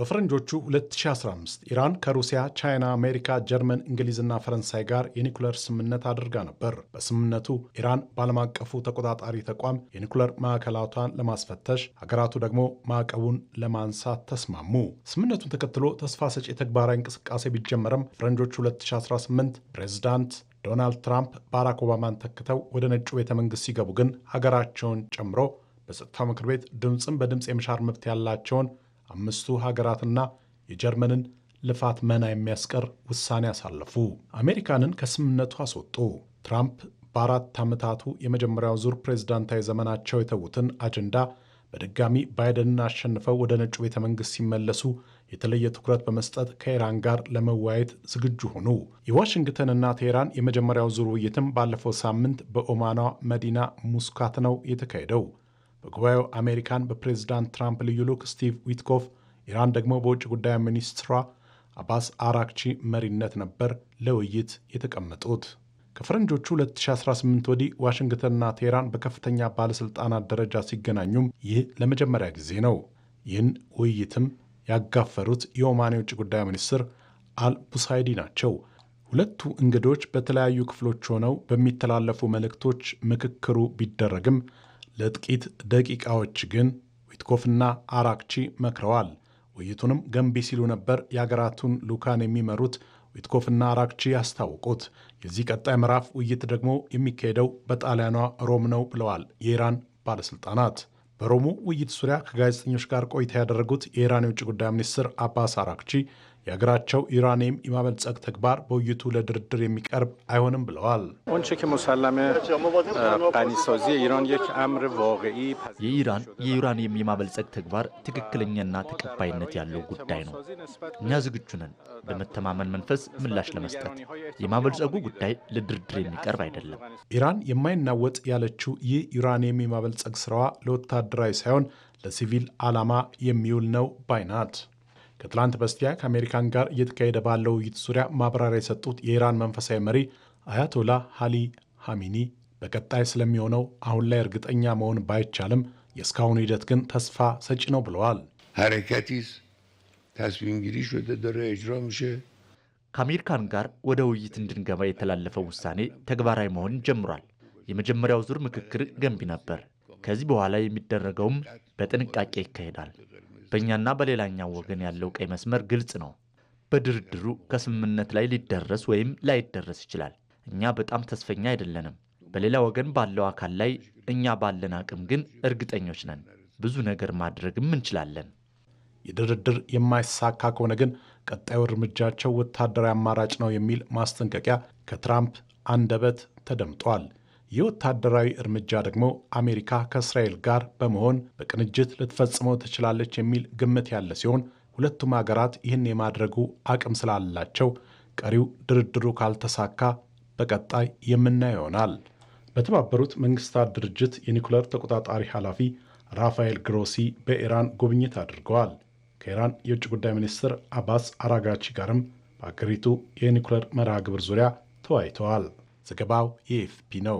በፈረንጆቹ 2015 ኢራን ከሩሲያ፣ ቻይና፣ አሜሪካ፣ ጀርመን፣ እንግሊዝና ፈረንሳይ ጋር የኒኩለር ስምምነት አድርጋ ነበር። በስምምነቱ ኢራን በዓለም አቀፉ ተቆጣጣሪ ተቋም የኒኩለር ማዕከላቷን ለማስፈተሽ፣ ሀገራቱ ደግሞ ማዕቀቡን ለማንሳት ተስማሙ። ስምምነቱን ተከትሎ ተስፋ ሰጪ ተግባራዊ እንቅስቃሴ ቢጀመርም ፈረንጆቹ 2018 ፕሬዚዳንት ዶናልድ ትራምፕ ባራክ ኦባማን ተክተው ወደ ነጩ ቤተ መንግስት ሲገቡ ግን ሀገራቸውን ጨምሮ በጸጥታው ምክር ቤት ድምፅን በድምፅ የመሻር መብት ያላቸውን አምስቱ ሀገራትና የጀርመንን ልፋት መና የሚያስቀር ውሳኔ አሳለፉ። አሜሪካንን ከስምምነቱ አስወጡ። ትራምፕ በአራት ዓመታቱ የመጀመሪያው ዙር ፕሬዝዳንታዊ ዘመናቸው የተዉትን አጀንዳ በድጋሚ ባይደንን አሸንፈው ወደ ነጩ ቤተ መንግሥት ሲመለሱ የተለየ ትኩረት በመስጠት ከኢራን ጋር ለመወያየት ዝግጁ ሆኑ። የዋሽንግተንና ቴህራን የመጀመሪያው ዙር ውይይትም ባለፈው ሳምንት በኦማኗ መዲና ሙስካት ነው የተካሄደው። በጉባኤው አሜሪካን በፕሬዚዳንት ትራምፕ ልዩ ልዑክ ስቲቭ ዊትኮፍ፣ ኢራን ደግሞ በውጭ ጉዳይ ሚኒስትሯ አባስ አራክቺ መሪነት ነበር ለውይይት የተቀመጡት። ከፈረንጆቹ 2018 ወዲህ ዋሽንግተንና ቴህራን በከፍተኛ ባለሥልጣናት ደረጃ ሲገናኙም ይህ ለመጀመሪያ ጊዜ ነው። ይህን ውይይትም ያጋፈሩት የኦማን የውጭ ጉዳይ ሚኒስትር አልቡሳይዲ ናቸው። ሁለቱ እንግዶች በተለያዩ ክፍሎች ሆነው በሚተላለፉ መልእክቶች ምክክሩ ቢደረግም ለጥቂት ደቂቃዎች ግን ዊትኮፍና አራክቺ መክረዋል። ውይይቱንም ገንቢ ሲሉ ነበር የሀገራቱን ሉካን የሚመሩት ዊትኮፍና አራክቺ ያስታወቁት። የዚህ ቀጣይ ምዕራፍ ውይይት ደግሞ የሚካሄደው በጣሊያኗ ሮም ነው ብለዋል የኢራን ባለሥልጣናት። በሮሙ ውይይት ዙሪያ ከጋዜጠኞች ጋር ቆይታ ያደረጉት የኢራን የውጭ ጉዳይ ሚኒስትር አባስ አራክቺ የሀገራቸው ዩራኒየም የማበልጸግ ተግባር በውይይቱ ለድርድር የሚቀርብ አይሆንም ብለዋል። የኢራን የዩራኒየም የማበልጸግ ተግባር ትክክለኛና ተቀባይነት ያለው ጉዳይ ነው። እኛ ዝግጁ ነን በመተማመን መንፈስ ምላሽ ለመስጠት። የማበልጸጉ ጉዳይ ለድርድር የሚቀርብ አይደለም። ኢራን የማይናወጥ ያለችው ይህ ዩራኒየም የማበልጸግ ስራዋ ለወታደራዊ ሳይሆን ለሲቪል ዓላማ የሚውል ነው ባይናት ከትላንት በስቲያ ከአሜሪካን ጋር እየተካሄደ ባለው ውይይት ዙሪያ ማብራሪያ የሰጡት የኢራን መንፈሳዊ መሪ አያቶላ ሃሊ ሃሚኒ በቀጣይ ስለሚሆነው አሁን ላይ እርግጠኛ መሆን ባይቻልም የእስካሁኑ ሂደት ግን ተስፋ ሰጪ ነው ብለዋል። ከአሜሪካን ጋር ወደ ውይይት እንድንገባ የተላለፈው ውሳኔ ተግባራዊ መሆን ጀምሯል። የመጀመሪያው ዙር ምክክር ገንቢ ነበር። ከዚህ በኋላ የሚደረገውም በጥንቃቄ ይካሄዳል። በእኛና በሌላኛው ወገን ያለው ቀይ መስመር ግልጽ ነው። በድርድሩ ከስምምነት ላይ ሊደረስ ወይም ላይደረስ ይችላል። እኛ በጣም ተስፈኛ አይደለንም። በሌላ ወገን ባለው አካል ላይ እኛ ባለን አቅም ግን እርግጠኞች ነን። ብዙ ነገር ማድረግም እንችላለን። የድርድር የማይሳካ ከሆነ ግን ቀጣዩ እርምጃቸው ወታደራዊ አማራጭ ነው የሚል ማስጠንቀቂያ ከትራምፕ አንደበት ተደምጧል። የወታደራዊ እርምጃ ደግሞ አሜሪካ ከእስራኤል ጋር በመሆን በቅንጅት ልትፈጽመው ትችላለች የሚል ግምት ያለ ሲሆን ሁለቱም ሀገራት ይህን የማድረጉ አቅም ስላላቸው ቀሪው ድርድሩ ካልተሳካ በቀጣይ የምናየው ይሆናል። በተባበሩት መንግስታት ድርጅት የኒኩለር ተቆጣጣሪ ኃላፊ ራፋኤል ግሮሲ በኢራን ጉብኝት አድርገዋል። ከኢራን የውጭ ጉዳይ ሚኒስትር አባስ አራጋቺ ጋርም በአገሪቱ የኒኩለር መርሃ ግብር ዙሪያ ተወያይተዋል። ዘገባው የኤፍፒ ነው።